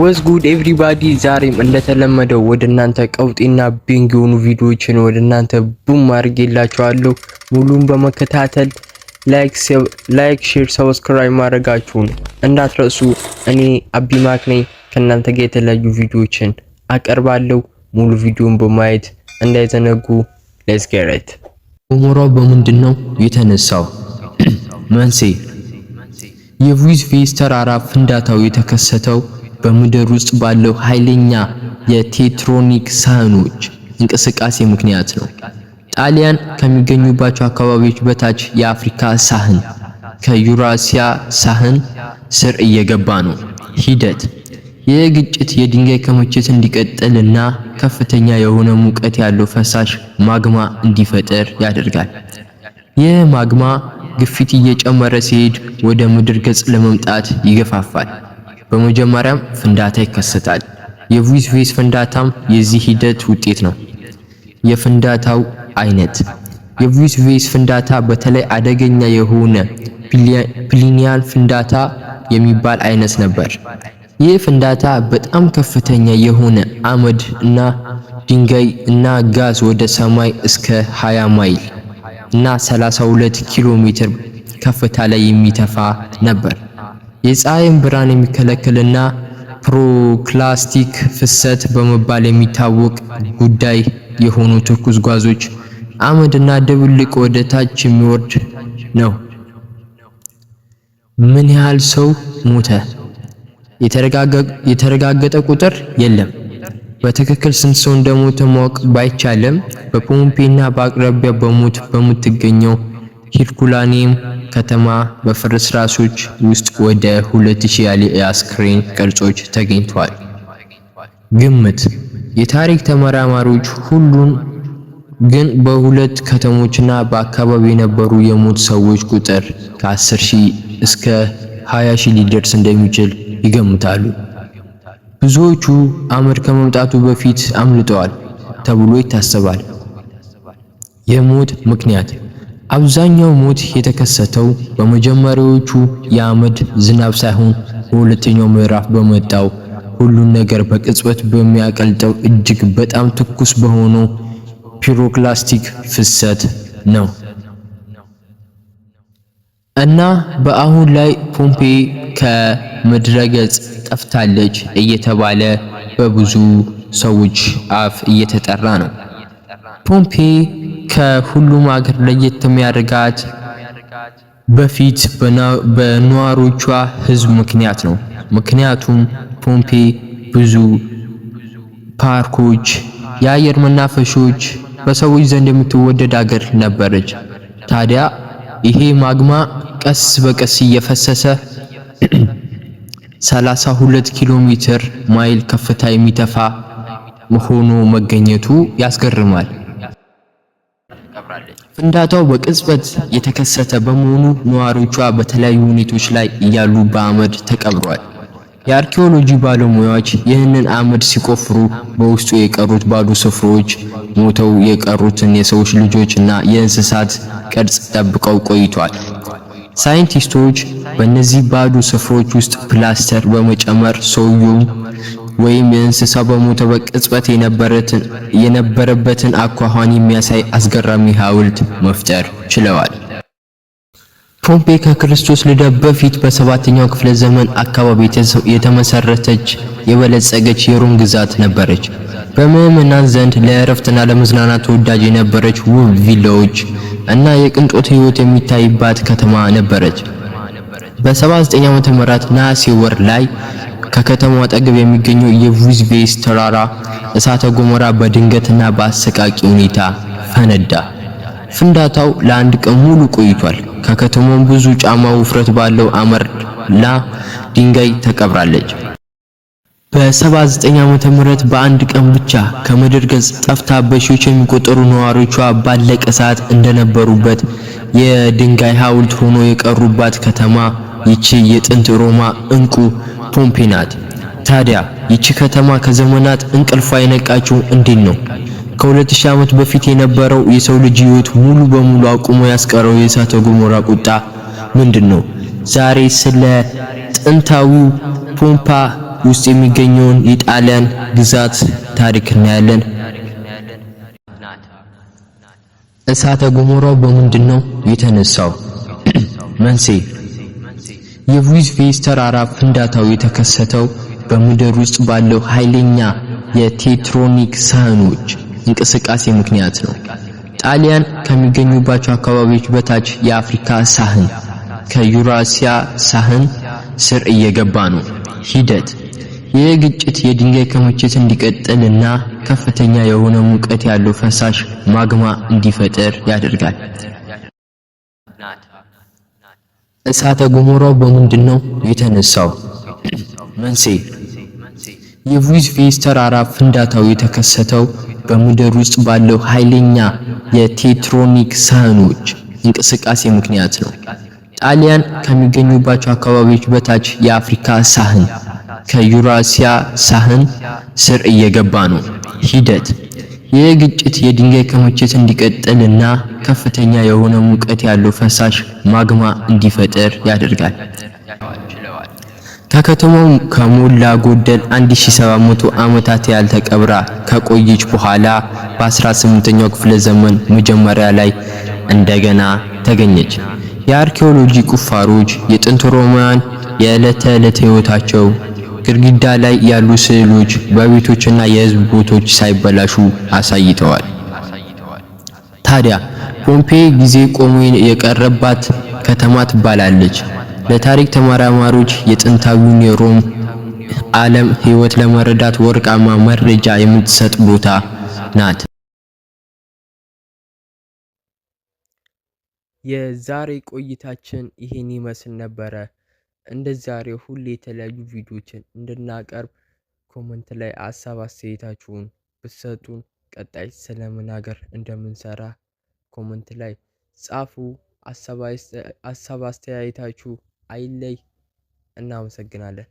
ወዝ ጉድ ኤቭሪባዲ ዛሬም እንደተለመደው ወደ እናንተ ቀውጤና ቤንግ የሆኑ ቪዲዮዎችን ወደ እናንተ ቡም አድርጌላችኋለሁ። ሙሉን በመከታተል ላይክ፣ ሼር፣ ሰብስክራይብ ማድረጋችሁን እንዳትረሱ። እኔ አቢማክ ነኝ። ከእናንተ ጋር የተለያዩ ቪዲዮዎችን አቀርባለሁ። ሙሉ ቪዲዮን በማየት እንዳይዘነጉ። ሌትስ ጌት ኢት። ገሞራው በምንድን ነው የተነሳው? መንሴ የቪዝቬስ ተራራ ፍንዳታው የተከሰተው በምድር ውስጥ ባለው ኃይለኛ የቴትሮኒክ ሳህኖች እንቅስቃሴ ምክንያት ነው። ጣሊያን ከሚገኙባቸው አካባቢዎች በታች የአፍሪካ ሳህን ከዩራሲያ ሳህን ስር እየገባ ነው። ሂደት ይህ ግጭት የድንጋይ ክምችት እንዲቀጥልና ከፍተኛ የሆነ ሙቀት ያለው ፈሳሽ ማግማ እንዲፈጠር ያደርጋል። ይህ ማግማ ግፊት እየጨመረ ሲሄድ ወደ ምድር ገጽ ለመምጣት ይገፋፋል። በመጀመሪያም ፍንዳታ ይከሰታል። የቪስ ቬስ ፍንዳታም የዚህ ሂደት ውጤት ነው። የፍንዳታው አይነት የቪስ ቬስ ፍንዳታ በተለይ አደገኛ የሆነ ፕሊኒያን ፍንዳታ የሚባል አይነት ነበር። ይህ ፍንዳታ በጣም ከፍተኛ የሆነ አመድ እና ድንጋይ እና ጋዝ ወደ ሰማይ እስከ 20 ማይል እና 32 ኪሎ ሜትር ከፍታ ላይ የሚተፋ ነበር። የፀሐይን ብርሃን የሚከለክልና ፕሮክላስቲክ ፍሰት በመባል የሚታወቅ ጉዳይ የሆኑ ትኩስ ጓዞች አመድና ድብልቅ ወደ ታች የሚወርድ ነው። ምን ያህል ሰው ሞተ? የተረጋገጠ ቁጥር የለም። በትክክል ስንት ሰው እንደሞተ ማወቅ ባይቻልም በፖምፔና በአቅራቢያ በሞት በምትገኘው ሂርኩላኔም ከተማ በፍርስራሾች ውስጥ ወደ 2000 ያህል የአስክሬን ቅርጾች ተገኝተዋል። ግምት የታሪክ ተመራማሪዎች ሁሉን ግን በሁለት ከተሞችና በአካባቢ የነበሩ የሞት ሰዎች ቁጥር ከ 10000 እስከ 20000 ሺህ ሊደርስ እንደሚችል ይገምታሉ። ብዙዎቹ አመድ ከመምጣቱ በፊት አምልጠዋል ተብሎ ይታሰባል። የሞት ምክንያት አብዛኛው ሞት የተከሰተው በመጀመሪያዎቹ የአመድ ዝናብ ሳይሆን በሁለተኛው ምዕራፍ በመጣው ሁሉን ነገር በቅጽበት በሚያቀልጠው እጅግ በጣም ትኩስ በሆነው ፒሮክላስቲክ ፍሰት ነው። እና በአሁን ላይ ፖምፔ ከምድረገጽ ጠፍታለች እየተባለ በብዙ ሰዎች አፍ እየተጠራ ነው። ፖምፔ ከሁሉም አገር ለየት የሚያደርጋት በፊት በነዋሪዎቿ ህዝብ ምክንያት ነው። ምክንያቱም ፖምፔ ብዙ ፓርኮች፣ የአየር መናፈሾች፣ በሰዎች ዘንድ የምትወደድ አገር ነበረች። ታዲያ ይሄ ማግማ ቀስ በቀስ እየፈሰሰ 32 ኪሎ ሜትር ማይል ከፍታ የሚተፋ ሆኖ መገኘቱ ያስገርማል። ፍንዳታው በቅጽበት የተከሰተ በመሆኑ ነዋሪዎቿ በተለያዩ ሁኔታዎች ላይ እያሉ በአመድ ተቀብሯል። የአርኪኦሎጂ ባለሙያዎች ይህንን አመድ ሲቆፍሩ በውስጡ የቀሩት ባዶ ስፍራዎች ሞተው የቀሩትን የሰዎች ልጆች እና የእንስሳት ቅርጽ ጠብቀው ቆይቷል። ሳይንቲስቶች በእነዚህ ባዶ ስፍሮች ውስጥ ፕላስተር በመጨመር ሰውየውም ወይም የእንስሳ በሞተ በቅጽበት የነበረበትን አኳኋን የሚያሳይ አስገራሚ ሐውልት መፍጠር ችለዋል። ፖምፔ ከክርስቶስ ልደት በፊት በሰባተኛው ክፍለ ዘመን አካባቢ የተመሰረተች የበለጸገች የሮም ግዛት ነበረች። በምዕመናን ዘንድ ለእረፍትና ለመዝናናት ተወዳጅ የነበረች ውብ ቪላዎች እና የቅንጦት ህይወት የሚታይባት ከተማ ነበረች። በ79 ዓመተ ምህረት ነሐሴ ወር ላይ ከከተማው አጠገብ የሚገኘው የቬዝቬዝ ተራራ እሳተ ገሞራ በድንገትና በአሰቃቂ ሁኔታ ፈነዳ። ፍንዳታው ለአንድ ቀን ሙሉ ቆይቷል። ከከተማው ብዙ ጫማ ውፍረት ባለው አመርና ድንጋይ ተቀብራለች። በ79 ዓመተ ምህረት በአንድ ቀን ብቻ ከምድር ገጽ ጠፍታ በሺዎች የሚቆጠሩ ነዋሪዎቿ ባለቀ ሰዓት እንደነበሩበት የድንጋይ ሐውልት ሆኖ የቀሩባት ከተማ ይቺ የጥንት ሮማ እንቁ ፖምፔ ናት። ታዲያ ይቺ ከተማ ከዘመናት እንቅልፏ የነቃችው እንዴት ነው? ከ2000 ዓመት በፊት የነበረው የሰው ልጅ ህይወት ሙሉ በሙሉ አቁሞ ያስቀረው የእሳተ ገሞራ ቁጣ ምንድን ነው? ዛሬ ስለ ጥንታዊው ፖምፓ ውስጥ የሚገኘውን የጣሊያን ግዛት ታሪክ እናያለን። እሳተ ገሞራው በምንድን የተነሳው? መንሴ የቪዝ ቬስ ተራራ ፍንዳታው የተከሰተው በምድር ውስጥ ባለው ኃይለኛ የቴትሮኒክ ሳህኖች እንቅስቃሴ ምክንያት ነው። ጣሊያን ከሚገኙባቸው አካባቢዎች በታች የአፍሪካ ሳህን ከዩራሲያ ሳህን ስር እየገባ ነው። ሂደት ይህ ግጭት የድንጋይ ክምችት እንዲቀጥልና ከፍተኛ የሆነ ሙቀት ያለው ፈሳሽ ማግማ እንዲፈጠር ያደርጋል። እሳተ ገሞራው በምንድን ነው የተነሳው? መንስኤ የቪዝ ፌስ ተራራ ፍንዳታው የተከሰተው በምድር ውስጥ ባለው ኃይለኛ የቴትሮኒክ ሳህኖች እንቅስቃሴ ምክንያት ነው። ጣሊያን ከሚገኙባቸው አካባቢዎች በታች የአፍሪካ ሳህን ከዩራሲያ ሳህን ስር እየገባ ነው። ሂደት ይህ ግጭት የድንጋይ ክምችት እንዲቀጥልና ከፍተኛ የሆነ ሙቀት ያለው ፈሳሽ ማግማ እንዲፈጠር ያደርጋል። ከከተማው ከሞላ ጎደል 1700 ዓመታት ያልተቀብራ ተቀብራ ከቆየች በኋላ በ18ኛው ክፍለ ዘመን መጀመሪያ ላይ እንደገና ተገኘች። የአርኪኦሎጂ ቁፋሮች የጥንት ሮማውያን የዕለት ተዕለት ሕይወታቸው ግድግዳ ላይ ያሉ ስዕሎች በቤቶችና የህዝብ ቦታዎች ሳይበላሹ አሳይተዋል። ታዲያ ፖምፔይ ጊዜ ቆሞ የቀረባት ከተማ ትባላለች። ለታሪክ ተመራማሪዎች የጥንታዊውን የሮም ዓለም ህይወት ለመረዳት ወርቃማ መረጃ የምትሰጥ ቦታ ናት። የዛሬ ቆይታችን ይህን ይመስል ነበረ። ዛሬ ሁሌ የተለያዩ ቪዲዮዎችን እንድናቀርብ ኮመንት ላይ ሀሳብ አስተያየታችሁን ብትሰጡን ቀጣይ ስለምን ሀገር እንደምንሰራ ኮመንት ላይ ጻፉ። ሀሳብ አስተያየታችሁ አይለይ። እናመሰግናለን።